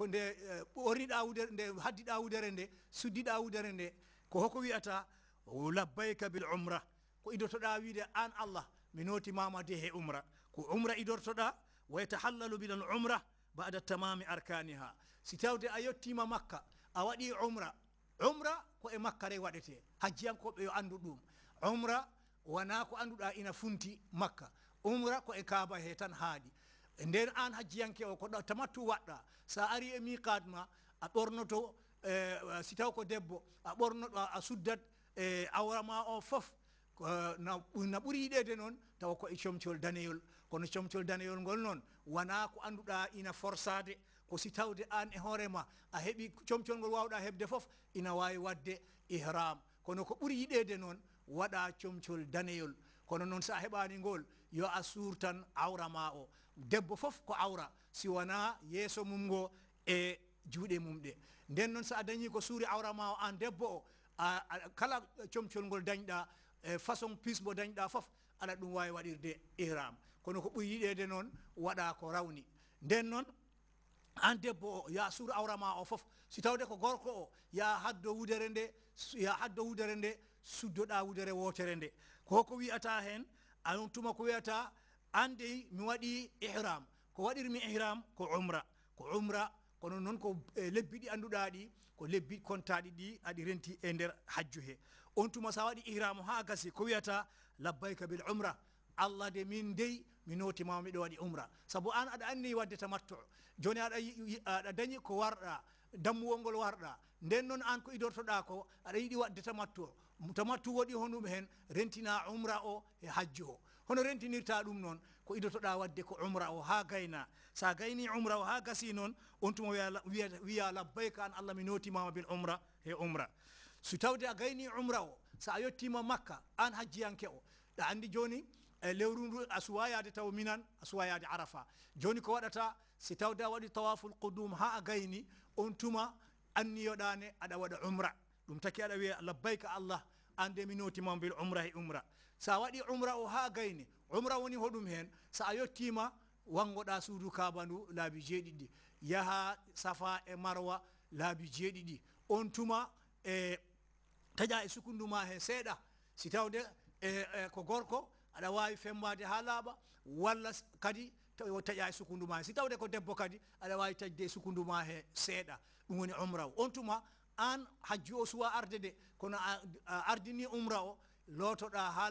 ko nde ɓorniɗa wudere nde haddiɗa wudere nde suddiɗa wudere nde ko hoko wiyata labbayka bil umra ko idotoɗa wiide an allah mi notimama de he umra ko umra idortoɗa wa yatahallalu bilal umra bada tamami arkaniha si tawde a yettima makka a waɗi umra umra ko e makka re waɗete hajjiyankoɓe yo andu ɗum umra wona ko anduɗa ina funti makka umra ko e kaaba he tan haaɗi e nden an hajjiyanke o ko ɗo tamattu waɗɗa sa ari e miqad ma a ɓornoto e eh, si taw ko debbo a ɓornoɗo a suddat e eh, awrama o foof e, na ɓuuri yiɗede noon tawa koye comcol daneyol kono comcol daneyol ngol noon wona ko annduɗa ina forçade ko si tawde an e hoorema a heeɓi comcol ngol wawɗa heɓde foof ina wawi wadde ihram kono ko ɓuuri yiɗede noon waɗa comcol daneyol kono noon sa heɓani ngol yo a suur tan awra ma o debbo fof ko awra si wona yeeso mum ngo e juuɗe mum ɗe nden noon sa a dañi ko suuri awra ma o an debbo o kala comcol ngol dañɗa e façon pismo dañɗa fof aɗa ɗum wawi waɗirde ihram kono ko ɓuy yiɗede noon waɗa ko rawni nden noon an debbo o ya suur awra ma o fof si tawde ko gorko o ya haddo wudere nde ya haddo wudere nde suddoɗa wudere wotere nde ko ko wiyata hen anu tuma ko wiyata ande mi waɗi ihram ko waɗirmi ihram ko umra ko umra kono noon ko eh, lebbi ɗi anduɗa ɗi ko lebbi kontaɗi ɗi aɗi renti e nder hajju he on tuma sa waɗi ihram ha gasi ko wiyata labbayka bel umra allah de min dey mi notimama miɗo waɗi umra saabu an aɗa anni wadde tamatto joni aɗa aɗa dañi ko warɗa dammuwol ngol warɗa nden noon an ko idortoɗa ko aɗa yiɗi wadde tamatto tamattu waɗi honum hen rentina umra o e hajju o hono rentinirta ɗum noon ko idotoɗa wadde ko umra o ha gayna sa gayni umra o ha gasi noon on tuma wiya labbayka an allah mi notimama bel umra e umra so tawde a gayni umra o sa a yettima makka an hajjiyanke o ɗa andi joni e lewru ndu a suwa yaade taw minan a suwa yaade arafa joni ko waɗata si tawde a waɗi tawaful qudum ha a gayni on tuma anniyoɗane aɗa waɗa umra دم تكي على ويا لبيك الله عند منوتي من بالعمرة عمرة سأودي عمرة وها جيني عمرة وني هدوم هن سأيوتي ما وانغو داسودو كابانو لا بيجيدي دي يها سفا مروة لا بيجيدي دي أنتما تجا سكندو ما هن سيدا سيتاودة كغوركو ada wawi fembade ha laaɓa walla kadi taƴa e sukundu ma he si tawde e, e, e ko debbo kadi aɗa wawi taƴde e sukundu ma he seeɗa ɗum woni omra o on tuma an hajju o suwa arde de kono a ardini umra o lotoɗa ha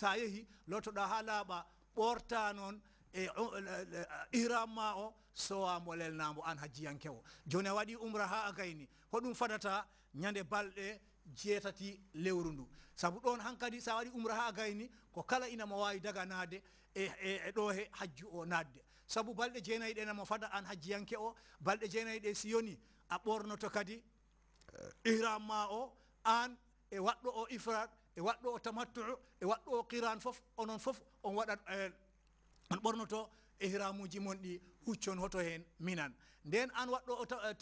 sa yeehi lotoɗa ha laaɓa ɓorta noon e, e ihram ma o sowa mbolel nambo an hajjiyankewo joni a waɗi umra ha a gayni hoɗum fadata ñande balɗe jeetati lewru ndu saabu ɗon hankkadi sa waɗi umra ha a gayni ko kala ina mo wawi daga naade e e, e ɗo he hajju o naatde saabu balɗe jeenayyi ɗe namo fada an hajjiyanke o balɗe jeenayyi ɗe si yoni a ɓornoto kadi ihram ma o an e waɗɗo o ifrat e waɗɗo o tamattuu e waɗɗo o qiran fof onon fof on waɗat e, on ɓornoto ihram uji mon ɗi huccon hoto hen minan nden an waɗɗo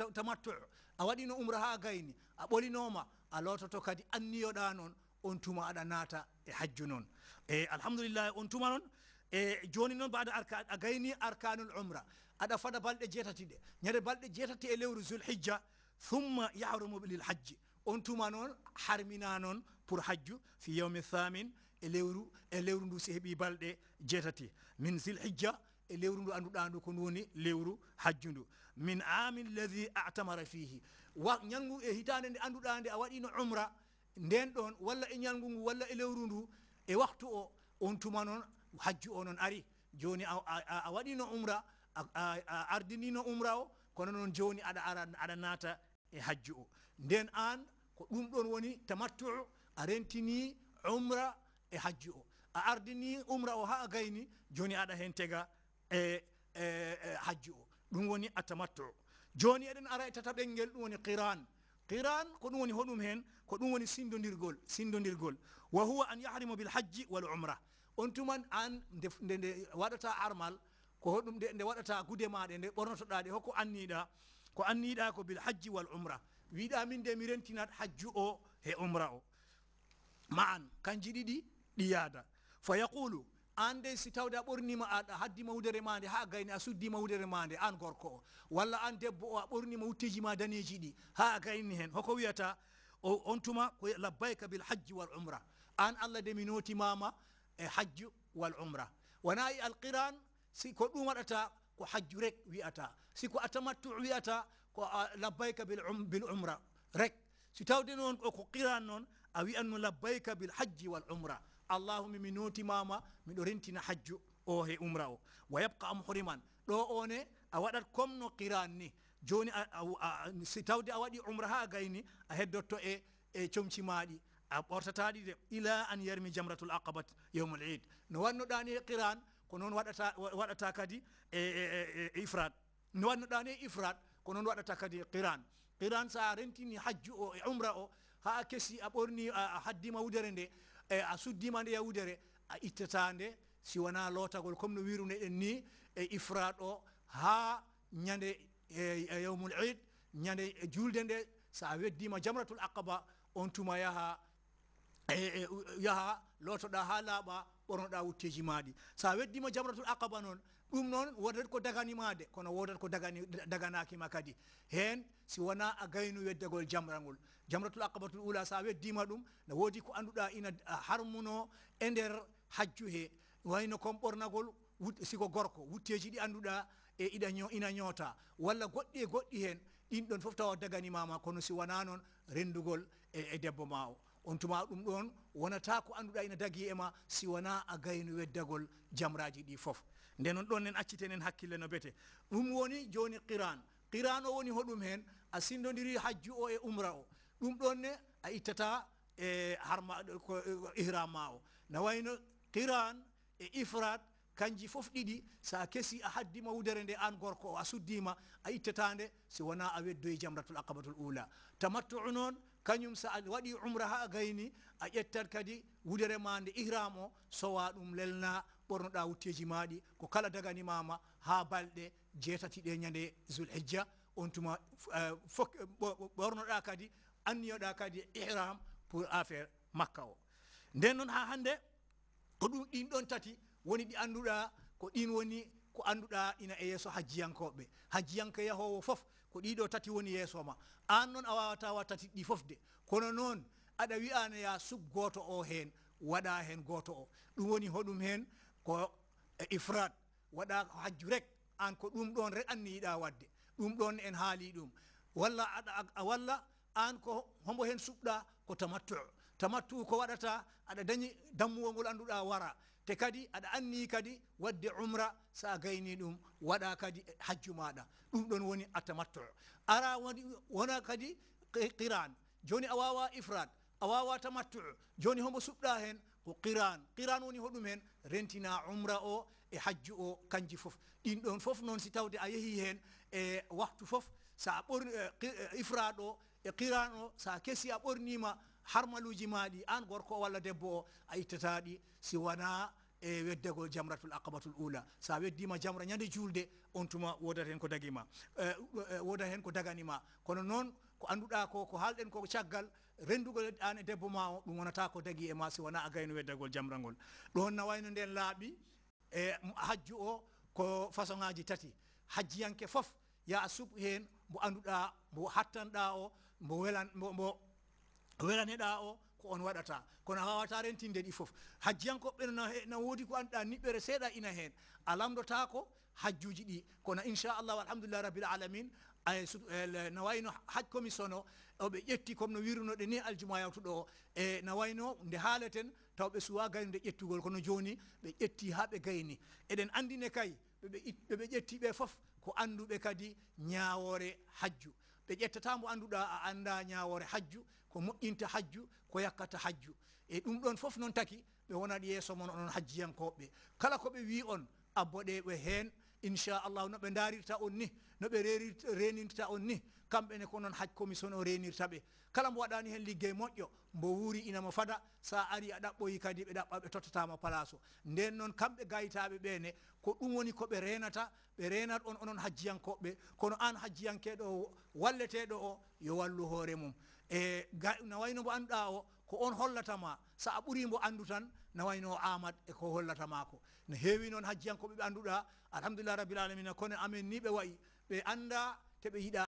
o tamattuu a waɗino umra ha gayni a ɓolinoma a lototo kadi anniyoɗa noon on tuma aɗa naata e hajju noon e alhamdulillahi on tuma noon e joni noon mbaɗa arka a gayni arkanul umra aɗa fada balɗe jeetati ɗe ñande balɗe jeetati e lewru zulhijja ثم يحرم للحج أنتم نون حرمنا نون بور حج في يوم الثامن إليرو إليرو نوسيه ببلد جتتي من ذي الحجة إليرو نو أنو أنو كنوني ليرو حجندو من عام الذي اعتمر فيه ونعم هيتان أنو أنو أنو أنو عمرة ndeen ɗoon walla e ñalngu ngu walla e lewru ndu e waktu o on tuma noon hajju o noon ari joni a, a, a waɗino umra a, a, a ardinino umra o kono noon joni aɗa ara aɗa naata حج دين ان قوم دون وني تمتع ارنتني عمره حج اردني عمره وها غيني جوني ادا هنتغا حج دون وني جوني ادن ارا تتبنجل وني قران قران كون وني هدوم هن كون وني سيندونيرغول سيندونيرغول وهو ان يحرم بالحج والعمره انتم ان ودتا ارمال ko hoɗum de nde waɗata gude maɗe nde ɓornotoɗa ɗe hoko anniɗa ko anniida ko bil hajji wal umra wiida min de mi rentina hajju o he umra o ma'an an kanji ɗiɗi ɗi fa yaqulu ande si tawda a ɓornima aɗa haddi mawdere maande ha gayni asuddi mawdere maande an gorko walla an debbo o a ɓornima wutteji ma daneji ɗi ha gayni hen hoko wiyata o ontuma tuma ko labbayka bil hajji wal umra an alla de minoti mama e hajju wal umra wona al qiran si ko ɗum waɗata كو حج وياتا سي كو اتمتع وياتا كو لبيك بالعم بالعمرة ريك سي تاودي نون كو قيران نون اوي ان لبيك بالحج والعمرة اللهم منوتي ماما من رنتنا حج او هي عمرة ويبقى محرما لو اوني اوادر كوم نو قيران ني جوني او سي تاودي اوادي عمرة ها غايني اهدوتو اي اي تشومشي مادي أبورتا تادي إلى أن يرمي جمرة الأقبة يوم العيد نوانو داني قيران ko noon waɗata waɗata kadi e ifrad no wannoɗani e ifrad ko noon waɗata kadi qiran qiran sa rentini hajju o e umra o ha kesi a ɓorni a haddima wudere nde e a suddima nde yawudere a ittata nde si wona lootagol comme no wiruneɗen ni e ifrad o ha ñande e, e yawmul id ñande julde nde sa weddima jamratul aqaba on tuma yaha e e yaha lotoɗa ha laaɓa ɓornoɗa wutteji maɗi sa weddima jamratul aqaba noon ɗum noon wodat ko daganimade kono wodat ko dagani daganakima kadi hen si wona a gaynu weddagol jamra ngol jamratul aqabatul ula sa weddima ɗum ne woodi ko anduɗa ina harmuno e nder hajju he wayno kon ɓornagol siko gorko wutteji ɗi anduɗa e iɗa ina ñoota walla goɗɗi e goɗɗi hen ɗin ɗon foof tawa daganimama kono si wona noon rendugol e, e debbo ma o on tuma ɗum ɗon wonata ko annduɗa ina dagi e ma si wona a gayni weddagol jamraji ɗi foof nde noon ɗon nen accitenen hakkille no bete ɗum woni joni qiran qiran o woni hoɗum hen a sindodiri hajju o e umra o ɗum ɗonne a ittata e harma ihram ma o na wayno qiran e ifrat kanji foof ɗiɗi sa kesi a haddima wudere nde an gorko o a suddima a ittata nde si wona a weddoye jamratul aqabatul oula tamattuu noon kañum sa a waɗi umra ha a gayni a ƴettat kadi wudere ma nde ihram o sowa ɗum lelna ɓornoɗa wutteji maɗi ko kala daganimama ha balɗe jeetati ɗe ñande zulhijja on tuma eh, ɓornoɗa kadi anniyoɗa kadi ihram pour affaire makka o nden noon ha hande ko ɗum ɗin ɗon tati woni ɗi annduɗa ko ɗin woni ko annduɗa ina e yesso hajjiyankoɓe hajjiyanka yahowo fof ko ɗiɗo tati woni yeesoma aan noon a wawata wa tati ɗi fofde kono noon aɗa wiyano ya sug goto o hen waɗa hen goto o ɗum woni hoɗum hen ko e ifrat waɗa hajju rek an ko ɗum ɗon rek anni yiɗa wadde ɗum ɗon en haali ɗum walla aɗa walla an ko hombo hen suɓɗa ko tamattu tamattu ko waɗata aɗa dañi dammuwo ngol annduɗa wara te kadi aɗa anni kadi wadde umra sa gayni ɗum waɗa kadi hajju maɗa ɗum ɗon woni a tamattu ara woni wona kadi qiran joni a wawa ifrad a wawa tamattu joni homo suɓɗa hen ko qiran qiran woni hoɗum hen rentina umra o e hajju o kanji foof ɗin ɗon foof noon si tawde a yeehi hen e waktu foof sa ɓor e, e, ifrad o e qiran o sa kesi a ɓornima harmaluji maɗi an gorko o walla debbo o a ittataɗi si wona e weddego jamratul aqabatul oula sa weddima jamra ñande julde on tuma wodat hen ko daguima e, e, wodat hen ko daganima kono noon ko anduɗa ko ko haalɗen ko caggal rendugol an e debbo ma o ɗum wonata ko dagui e ma si wona a gayno weddagol jamra ngol ɗon nawayno nden laaɓi e hajju o ko façon ngaji tati hajjiyanke foof ya suɓ hen mbo anduɗa mbo hattanɗa o mbo welan mbo ko welaneɗa o ko on waɗata kono a wawata rentinde ɗi foof hajjiyankoɓɓe nna woodi ko anduɗa niɓɓere seeɗa ina hen a lamdotako hajjuji ɗi kono inchallah walhamdulillah rabbil alamin ayna e e, wayno haj commissione o oɓe ƴetti comme no wirunoɗe ni aljuma yawtuɗo o e na wayno nde haaleten taw ɓe suwa gaynude ƴettugol kono joni ɓe ƴetti ha ɓe gayni eɗen andine kay ɓeɓe ƴettiɓe foof ko anduɓe kadi ñawore hajju ɓe ƴettata mo anduɗa a anda ñawore hajju ko moƴƴinta hajju ko yakkata hajju e ɗum ɗon fof noon taki ɓe wonat yeeso mon onon hajjiyankoɓeɓe kala koɓe wi on abboɗeɓe hen inchallahu no ɓe darirta on ni no ɓe renirta on ni kamɓene ko noon hackomi sono renirta ɓe kala mo waɗani hen liggey moƴƴo mbo wuuri inamo fada sa ari a ɗaɓɓoyi kadi ɓe ɗaɓɓa ɓe tottatama place o nden noon kamɓe gaytaɓe ɓene ko ɗum woni koɓe renata ɓe renat on onon hajjiyankoɓɓe kono an hajjiyankeɗo o walleteɗo o yo wallu hoore mum e no wayno mo annduɗa o ko on hollatama sa a ɓurimo andu tan na wayno amad e ko hollatamako ne heewi noon hajjiyankoɓeɓe anduɗa alhamdulillah rabbil alamina kono amen ni ɓe wayi ɓe anda teɓe yiiɗa